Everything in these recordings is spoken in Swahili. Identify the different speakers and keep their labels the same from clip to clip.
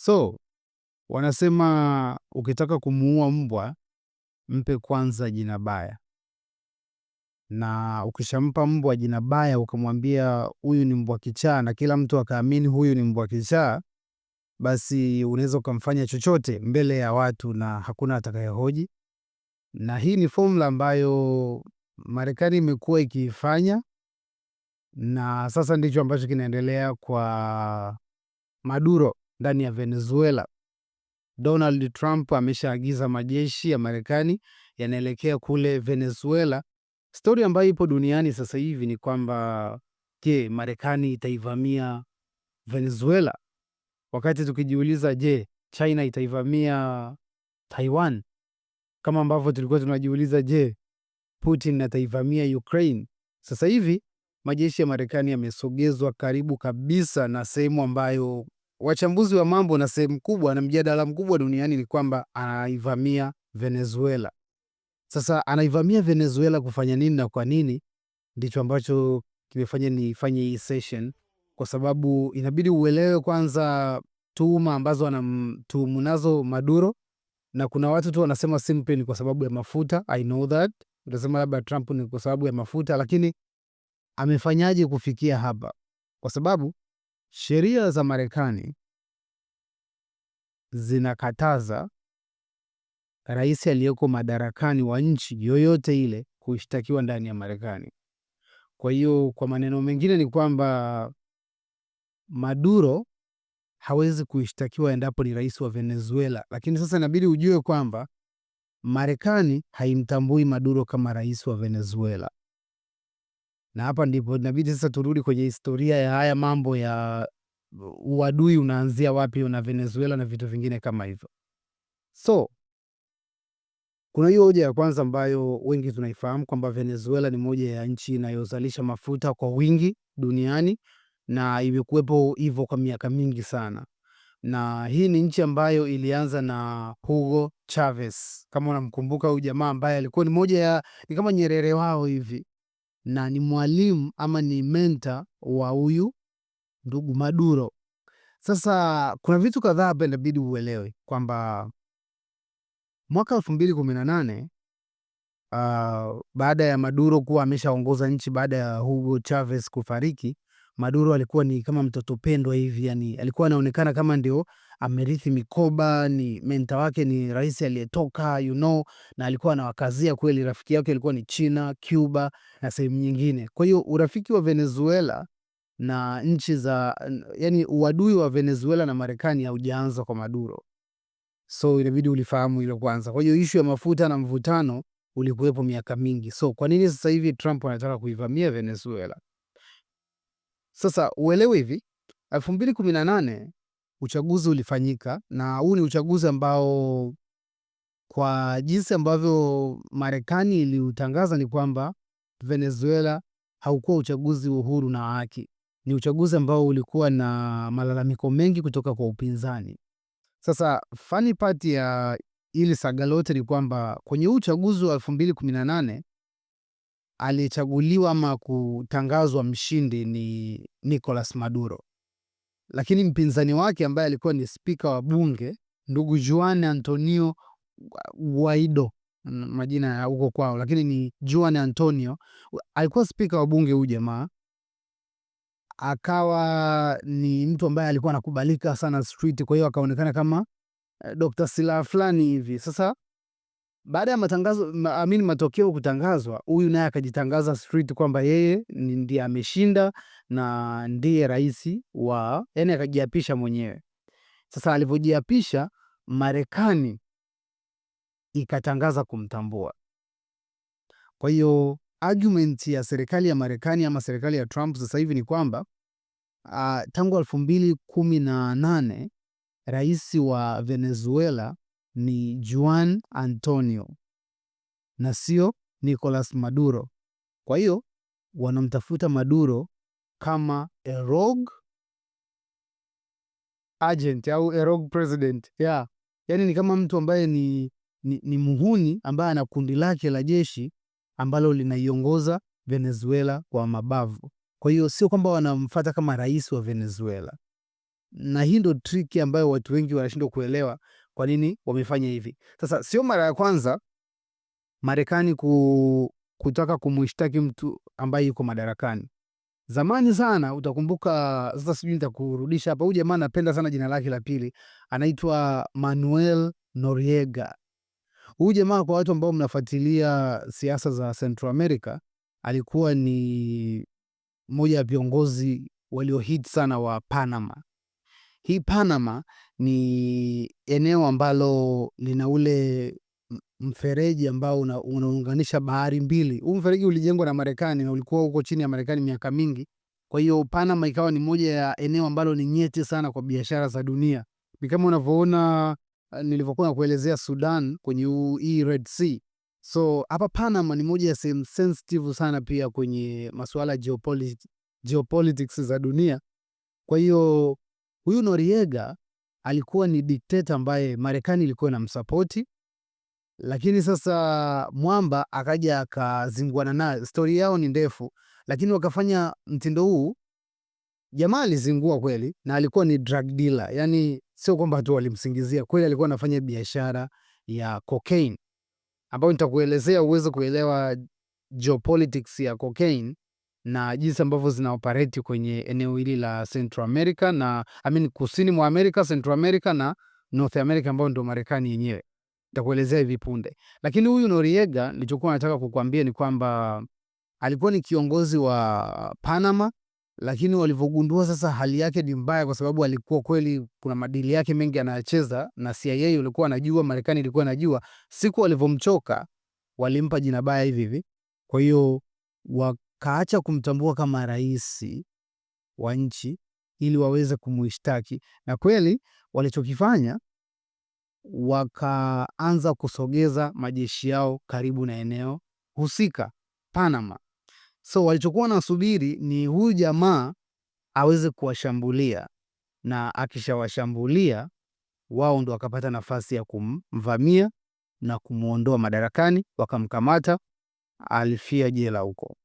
Speaker 1: So wanasema ukitaka kumuua mbwa mpe kwanza jina baya, na ukishampa mbwa jina baya ukamwambia huyu ni mbwa kichaa, na kila mtu akaamini huyu ni mbwa kichaa, basi unaweza ukamfanya chochote mbele ya watu na hakuna atakayehoji. Na hii ni formula ambayo Marekani imekuwa ikiifanya na sasa ndicho ambacho kinaendelea kwa Maduro ndani ya Venezuela. Donald Trump ameshaagiza majeshi ya Marekani yanaelekea kule Venezuela. Stori ambayo ipo duniani sasa hivi ni kwamba je, Marekani itaivamia Venezuela? Wakati tukijiuliza je, China itaivamia Taiwan? Kama ambavyo tulikuwa tunajiuliza je, Putin ataivamia Ukraine? Sasa hivi majeshi ya Marekani yamesogezwa karibu kabisa na sehemu ambayo wachambuzi wa mambo na sehemu kubwa na mjadala mkubwa duniani ni kwamba anaivamia Venezuela. Sasa anaivamia Venezuela kufanya nini na kwa nini? Ndicho ambacho kimefanya nifanye hii session, kwa sababu inabidi uelewe kwanza tuhuma ambazo anamtuhumu nazo Maduro, na kuna watu tu wanasema simple ni kwa sababu ya mafuta. I know that utasema labda Trump ni kwa sababu ya mafuta, lakini amefanyaje kufikia hapa? Kwa sababu Sheria za Marekani zinakataza rais aliyeko madarakani wa nchi yoyote ile kushtakiwa ndani ya Marekani. Kwa hiyo kwa maneno mengine ni kwamba Maduro hawezi kuishtakiwa endapo ni rais wa Venezuela, lakini sasa inabidi ujue kwamba Marekani haimtambui Maduro kama rais wa Venezuela na hapa ndipo inabidi sasa turudi kwenye historia ya haya mambo ya uadui unaanzia wapi na Venezuela na vitu vingine kama hivyo. So kuna hiyo hoja ya kwanza ambayo wengi tunaifahamu kwamba Venezuela ni moja ya nchi inayozalisha mafuta kwa wingi duniani na imekuwepo hivyo kwa miaka mingi sana, na hii ni nchi ambayo ilianza na Hugo Chavez, kama unamkumbuka huyu jamaa ambaye alikuwa ni moja ya ni kama Nyerere wao hivi na ni mwalimu ama ni menta wa huyu ndugu Maduro. Sasa kuna vitu kadhaa hapa inabidi uelewe kwamba mwaka elfu mbili kumi na nane uh, baada ya Maduro kuwa ameshaongoza nchi baada ya Hugo Chavez kufariki, Maduro alikuwa ni kama mtoto pendwa hivi, yani alikuwa anaonekana kama ndio amerithi mikoba, ni menta wake ni rais aliyetoka you know, na alikuwa anawakazia kweli. Rafiki yake alikuwa ni China, Cuba na sehemu nyingine. Kwa hiyo urafiki wa Venezuela na nchi za yani, uadui wa Venezuela na Marekani haujaanza kwa Maduro, so inabidi ulifahamu hilo kwanza. Kwa hiyo ishu ya mafuta na mvutano ulikuwepo miaka mingi. So kwa nini sasa hivi Trump anataka kuivamia Venezuela? Sasa uelewe hivi, elfu mbili kumi na nane uchaguzi ulifanyika, na huu ni uchaguzi ambao kwa jinsi ambavyo Marekani iliutangaza ni kwamba Venezuela haukuwa uchaguzi uhuru na haki. Ni uchaguzi ambao ulikuwa na malalamiko mengi kutoka kwa upinzani. Sasa funny part ya ili saga lote ni kwamba kwenye huu uchaguzi wa elfu mbili kumi na nane aliyechaguliwa ama kutangazwa mshindi ni Nicolas Maduro, lakini mpinzani wake ambaye alikuwa ni spika wa bunge ndugu Juan Antonio Guaido, majina ya huko kwao, lakini ni Juan Antonio, alikuwa spika wa bunge huyu jamaa akawa ni mtu ambaye alikuwa anakubalika sana street, kwa hiyo akaonekana kama eh, Dr. Sila fulani hivi. Sasa baada ya matangazo ma, amini matokeo kutangazwa, huyu naye akajitangaza street kwamba yeye ndiye ameshinda na ndiye rais wa, yani akajiapisha mwenyewe. Sasa alivyojiapisha, Marekani ikatangaza kumtambua. Kwa hiyo argument ya serikali ya Marekani ama serikali ya Trump sasa hivi ni kwamba uh, tangu elfu mbili kumi na nane rais wa Venezuela ni Juan Antonio na sio Nicolas Maduro. Kwa hiyo wanamtafuta Maduro kama a rogue agent au a rogue president yeah. Yani ni kama mtu ambaye ni, ni, ni muhuni ambaye ana kundi lake la jeshi ambalo linaiongoza Venezuela kwa mabavu. Kwa hiyo sio kwamba wanamfata kama rais wa Venezuela, na hii ndo triki ambayo watu wengi wanashindwa kuelewa kwa nini wamefanya hivi. Sasa sio mara ya kwanza Marekani ku, kutaka kumshtaki mtu ambaye yuko madarakani. Zamani sana utakumbuka, sasa sijui nitakurudisha hapa. Huyu jamaa anapenda sana jina lake la pili, anaitwa Manuel Noriega. Huyu jamaa, kwa watu ambao mnafuatilia siasa za Central America, alikuwa ni mmoja ya viongozi waliohit sana wa Panama. Hii Panama ni eneo ambalo lina ule mfereji ambao unaunganisha bahari mbili. Huu mfereji ulijengwa na Marekani na ulikuwa huko chini ya Marekani miaka mingi. Kwa hiyo Panama ikawa ni moja ya eneo ambalo ni nyeti sana kwa biashara za dunia. Ni kama unavyoona eh, nilivyokuwa nakuelezea Sudan kwenye hii Red Sea. So hapa Panama ni moja ya sehemu sensitive sana pia kwenye masuala ya geopolitics za dunia. Kwa hiyo Huyu Noriega alikuwa ni dikteta ambaye Marekani ilikuwa inamsapoti, lakini sasa mwamba akaja akazinguana naye. Stori yao ni ndefu, lakini wakafanya mtindo huu. Jamaa alizingua kweli, na alikuwa ni drug dealer, yani sio kwamba tu walimsingizia, kweli alikuwa anafanya biashara ya cocaine ambayo nitakuelezea uweze kuelewa geopolitics ya cocaine na jinsi ambavyo zina operate kwenye eneo hili la Central America na I mean, kusini mwa America, Central America na North America ambayo ndio Marekani yenyewe. Nitakuelezea hivi punde. Lakini huyu Noriega nilichokuwa nataka kukuambia ni kwamba alikuwa ni kiongozi wa Panama, lakini walivyogundua sasa hali yake ni mbaya, kwa sababu alikuwa kweli kuna madili yake mengi anayacheza, na CIA walikuwa anajua, Marekani ilikuwa anajua, Siku walivyomchoka walimpa jina baya hivi hivi, kwa hiyo kaacha kumtambua kama rais wa nchi ili waweze kumuishtaki, na kweli walichokifanya wakaanza kusogeza majeshi yao karibu na eneo husika Panama. So walichokuwa nasubiri ni huyu jamaa aweze kuwashambulia, na akishawashambulia wao ndo wakapata nafasi ya kumvamia na kumwondoa madarakani, wakamkamata, alifia jela huko.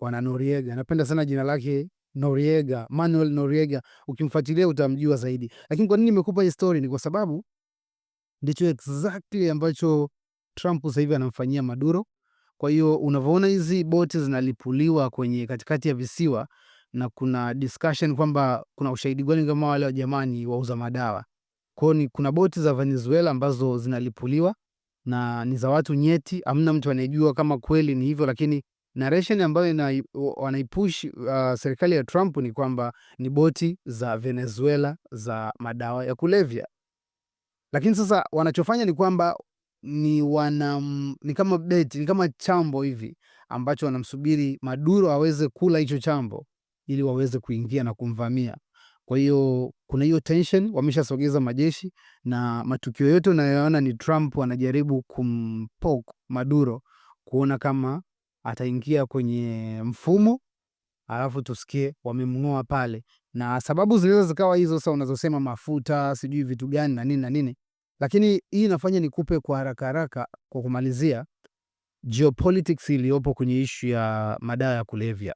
Speaker 1: Bwana Noriega, napenda sana jina lake Noriega, Manuel Noriega. Ukimfuatilia utamjua zaidi. Lakini kwa nini nimekupa hii story? Ni kwa sababu ndicho exactly ambacho Trump sasa hivi anamfanyia Maduro. Kwa hiyo unavyoona hizi boti zinalipuliwa kwenye katikati ya visiwa na kuna discussion kwamba kuna ushahidi gani kama wale wa jamani wauza madawa. Kwa ni kuna boti za Venezuela ambazo zinalipuliwa na ni za watu nyeti, amna mtu anayejua kama kweli ni hivyo, lakini narration ambayo ina, wanaipush uh, serikali ya Trump ni kwamba ni boti za Venezuela za madawa ya kulevya, lakini sasa wanachofanya ni kwamba ni wana, ni kama beti, ni kama chambo hivi ambacho wanamsubiri Maduro aweze kula hicho chambo ili waweze kuingia na kumvamia. Kwa hiyo kuna hiyo tension, wameshasogeza majeshi na matukio yote unayoona ni Trump anajaribu kumpoke Maduro kuona kama ataingia kwenye mfumo, alafu tusikie wamemng'oa pale, na sababu zinaweza zikawa hizo sasa unazosema mafuta, sijui vitu gani na nini na nini, lakini hii inafanya nikupe kwa haraka haraka, kwa kumalizia geopolitics iliyopo kwenye ishu ya madawa ya kulevya,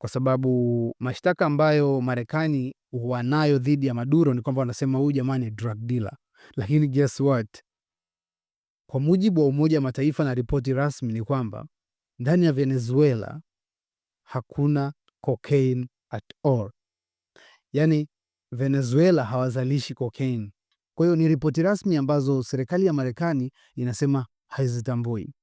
Speaker 1: kwa sababu mashtaka ambayo Marekani wanayo dhidi ya Maduro ni kwamba wanasema huyu jamaa ni drug dealer, lakini guess what? Kwa mujibu wa Umoja wa Mataifa na ripoti rasmi ni kwamba ndani ya Venezuela hakuna cocaine at all, yaani Venezuela hawazalishi cocaine. Kwa hiyo ni ripoti rasmi ambazo serikali ya Marekani inasema haizitambui.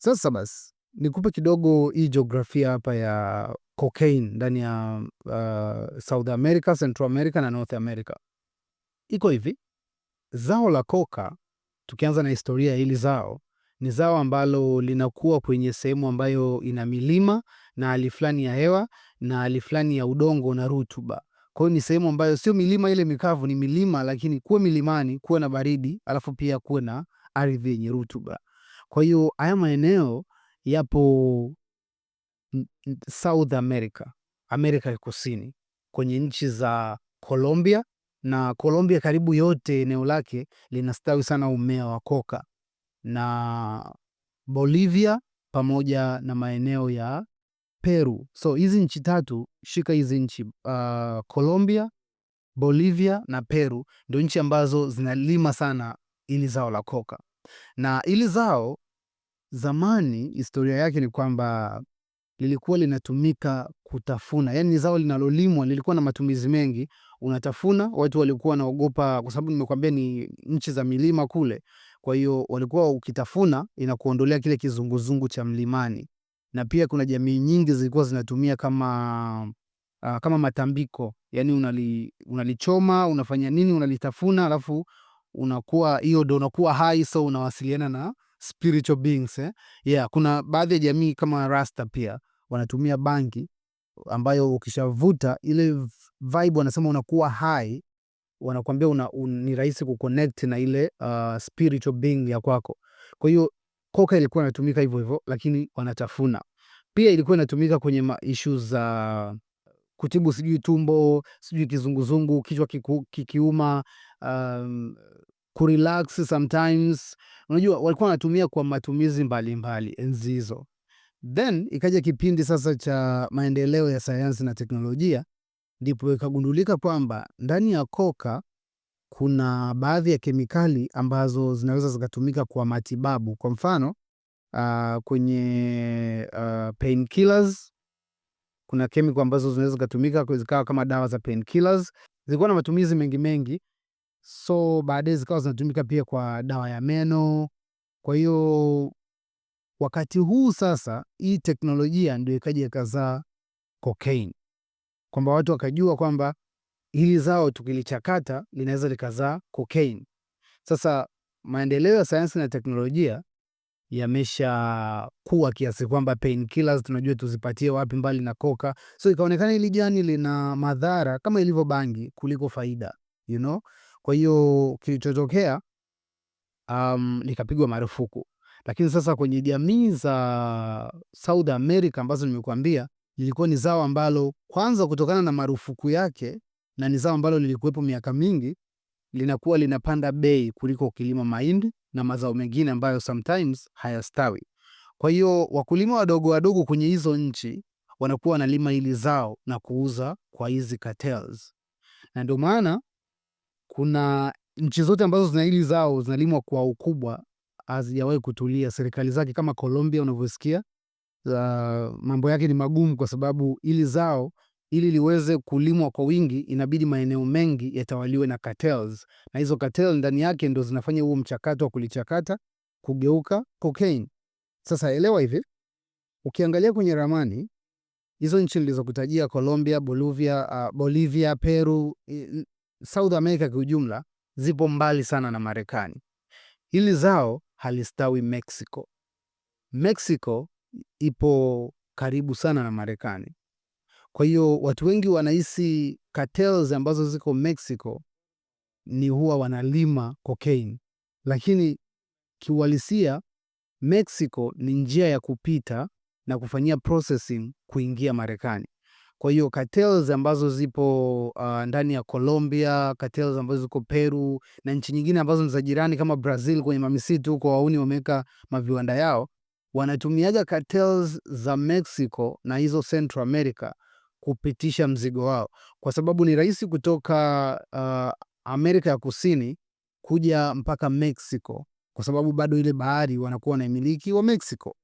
Speaker 1: Sasa basi nikupe kidogo hii jiografia hapa ya cocaine ndani ya uh, South America, Central America na North America. Iko hivi, zao la coca, tukianza na historia hili zao ni zao ambalo linakuwa kwenye sehemu ambayo ina milima na hali fulani ya hewa na hali fulani ya udongo na rutuba. Kwa hiyo ni sehemu ambayo sio milima ile mikavu, ni milima lakini kuwe milimani, kuwe na baridi, alafu pia kuwe na ardhi yenye rutuba. Kwa hiyo haya maeneo yapo South America, Amerika ya Kusini, kwenye nchi za Colombia na Colombia karibu yote eneo lake linastawi sana umea wa koka na Bolivia pamoja na maeneo ya Peru. So hizi nchi tatu, shika hizi nchi uh, Colombia, Bolivia na Peru ndio nchi ambazo zinalima sana ili zao la koka, na ili zao zamani, historia yake ni kwamba lilikuwa linatumika kutafuna, yaani ni zao linalolimwa, lilikuwa na matumizi mengi. Unatafuna, watu walikuwa wanaogopa, kwa sababu nimekwambia ni nchi za milima kule, kwa hiyo walikuwa ukitafuna inakuondolea kile kizunguzungu cha mlimani, na pia kuna jamii nyingi zilikuwa zinatumia kama uh, kama matambiko, yani unali, unalichoma unafanya nini, unalitafuna alafu unakuwa hiyo ndo unakuwa hai, so unawasiliana na spiritual beings eh? Yeah, kuna baadhi ya jamii kama Rasta pia wanatumia bangi ambayo ukishavuta ile vibe wanasema unakuwa hai wanakuambia una, un, ni rahisi kuconnect na ile uh, spiritual being ya kwako. Kwa hiyo koka ilikuwa inatumika hivyo hivyo, lakini wanatafuna pia. Ilikuwa inatumika kwenye issues za kutibu sijui tumbo sijui kizunguzungu, kichwa kiku, kikiuma, um, kurelax sometimes. Unajua walikuwa wanatumia kwa matumizi mbalimbali enzi hizo. Then ikaja kipindi sasa cha maendeleo ya sayansi na teknolojia ndipo ikagundulika kwamba ndani ya koka kuna baadhi ya kemikali ambazo zinaweza zikatumika kwa matibabu. Kwa mfano uh, kwenye uh, painkillers kuna kemikali ambazo zinaweza zikatumika zikawa kama dawa za painkillers. Zilikuwa na matumizi mengi mengi, so baadaye zikawa zinatumika pia kwa dawa ya meno. Kwa hiyo wakati huu sasa, hii teknolojia ndio ikaja ikazaa cocaine kwamba watu wakajua kwamba hili zao tukilichakata linaweza likazaa cocaine. Sasa maendeleo ya sayansi na teknolojia yamesha kuwa kiasi kwamba painkillers tunajua tuzipatie wapi mbali na koka, so ikaonekana hili jani lina madhara kama ilivyo bangi kuliko faida you know? Kwa hiyo kilichotokea, um, likapigwa marufuku. Lakini sasa kwenye jamii za South America ambazo nimekuambia lilikuwa ni zao ambalo kwanza, kutokana na marufuku yake, na ni zao ambalo lilikuwepo miaka mingi, linakuwa linapanda bei kuliko kilima mahindi na mazao mengine ambayo sometimes hayastawi. Kwa hiyo wakulima wadogo wadogo kwenye hizo nchi wanakuwa wanalima hili zao na kuuza kwa hizi cartels, na ndio maana kuna nchi zote ambazo zina hili zao zinalimwa kwa ukubwa hazijawahi kutulia. Serikali zake kama Colombia unavyosikia uh, mambo yake ni magumu kwa sababu ili zao ili liweze kulimwa kwa wingi inabidi maeneo mengi yatawaliwe na cartels, na hizo cartel ndani yake ndo zinafanya huo mchakato wa kulichakata kugeuka cocaine. Sasa elewa hivi, ukiangalia kwenye ramani hizo nchi nilizokutajia Colombia, Bolivia, uh, ah, Bolivia, Peru, South America kwa ujumla zipo mbali sana na Marekani. Hili zao halistawi Mexico. Mexico ipo karibu sana na Marekani. Kwa hiyo watu wengi wanahisi cartels ambazo ziko Mexico ni huwa wanalima cocaine, lakini kiuhalisia Mexico ni njia ya kupita na kufanyia processing kuingia Marekani. Kwa hiyo cartels ambazo zipo uh, ndani ya Colombia, cartels ambazo ziko Peru na nchi nyingine ambazo ni za jirani kama Brazil, kwenye mamisitu huko wauni wameweka maviwanda yao, wanatumiaga cartels za Mexico na hizo Central America kupitisha mzigo wao, kwa sababu ni rahisi kutoka uh, Amerika ya Kusini kuja mpaka Mexico, kwa sababu bado ile bahari wanakuwa wanaimiliki wa Mexico.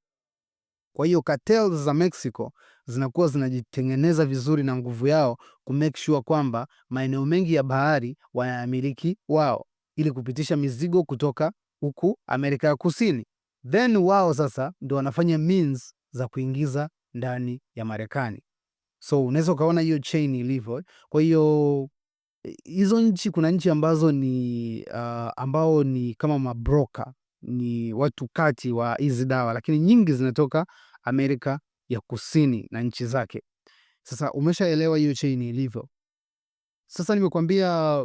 Speaker 1: Kwa hiyo cartels za Mexico zinakuwa zinajitengeneza vizuri na nguvu yao ku make sure kwamba maeneo mengi ya bahari wanayamiliki wao, ili kupitisha mizigo kutoka huku Amerika ya Kusini then wao sasa ndio wanafanya means za kuingiza ndani ya Marekani. So unaweza ukaona hiyo chain ilivyo. Kwa hiyo hizo nchi, kuna nchi ambazo ni uh, ambao ni kama mabroka, ni watu kati wa hizi dawa, lakini nyingi zinatoka Amerika ya Kusini na nchi zake. Sasa umeshaelewa hiyo chain ilivyo. Sasa nimekuambia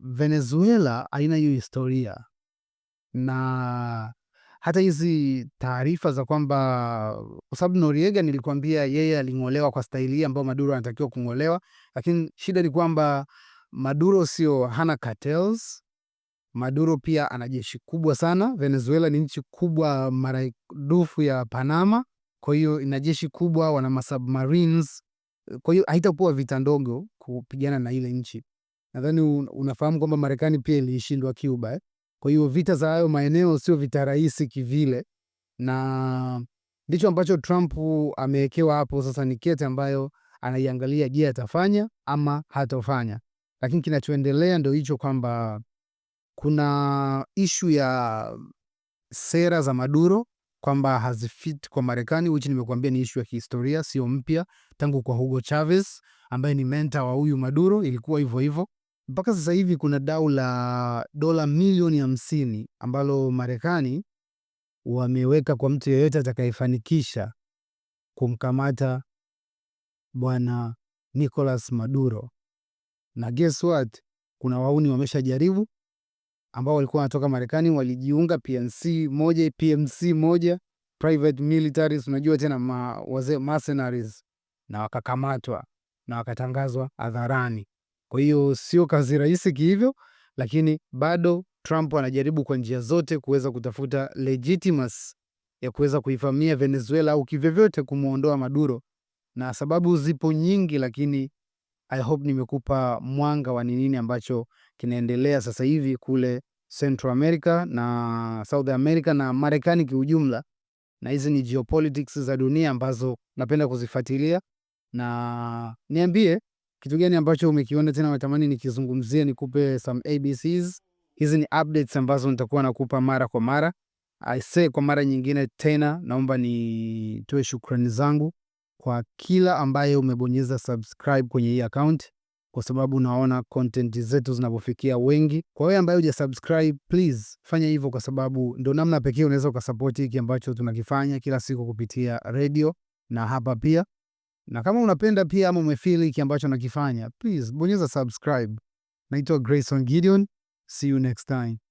Speaker 1: Venezuela haina hiyo historia na hata hizi taarifa za kwamba kwa sababu Noriega nilikwambia yeye aling'olewa kwa staili hii ambayo Maduro anatakiwa kung'olewa, lakini shida ni kwamba Maduro sio hana cartels. Maduro pia ana jeshi kubwa sana. Venezuela ni nchi kubwa maradufu ya Panama, kwa hiyo ina jeshi kubwa, wana masubmarines, kwa hiyo haitakuwa vita ndogo kupigana na ile nchi. Nadhani unafahamu kwamba Marekani pia ilishindwa Cuba eh? Kwa hiyo vita za hayo maeneo sio vita rahisi kivile, na ndicho ambacho Trump amewekewa hapo. Sasa ni kete ambayo anaiangalia, je, atafanya ama hatofanya. Lakini kinachoendelea ndio hicho kwamba kuna ishu ya sera za Maduro kwamba hazifit kwa Marekani, which nimekuambia ni ishu ya kihistoria, sio mpya. Tangu kwa Hugo Chavez ambaye ni menta wa huyu Maduro ilikuwa hivyo hivyo. Mpaka sasa hivi kuna dau la dola milioni hamsini ambalo Marekani wameweka kwa mtu yeyote atakayefanikisha kumkamata bwana Nicolas Maduro. Na guess what? Kuna wauni wameshajaribu ambao walikuwa wanatoka Marekani walijiunga PNC moja, PMC moja, private militaries, unajua tena ma, wazee mercenaries, na wakakamatwa na wakatangazwa hadharani. Kwa hiyo sio kazi rahisi kihivyo, lakini bado Trump anajaribu kwa njia zote kuweza kutafuta legitimacy ya kuweza kuivamia Venezuela au kivyovyote kumwondoa Maduro, na sababu zipo nyingi, lakini I hope nimekupa mwanga wa ni nini ambacho kinaendelea sasa hivi kule Central America na South America na Marekani kiujumla, na hizi ni geopolitics za dunia ambazo napenda kuzifuatilia, na niambie kitu gani ambacho umekiona tena unatamani nikizungumzie, nikupe some ABCs? Hizi ni updates ambazo nitakuwa nakupa mara kwa mara. I say kwa mara nyingine tena, naomba nitoe shukrani zangu kwa kila ambaye umebonyeza subscribe kwenye hii account, kwa sababu naona content zetu zinapofikia wengi. Kwa wewe ambaye hujasubscribe, please fanya hivyo, kwa sababu ndio namna pekee unaweza ukasapoti hiki ambacho tunakifanya kila siku kupitia redio na hapa pia na kama unapenda pia ama umefeel hiki ambacho nakifanya, please bonyeza subscribe. Naitwa Grayson Gideon, see you next time.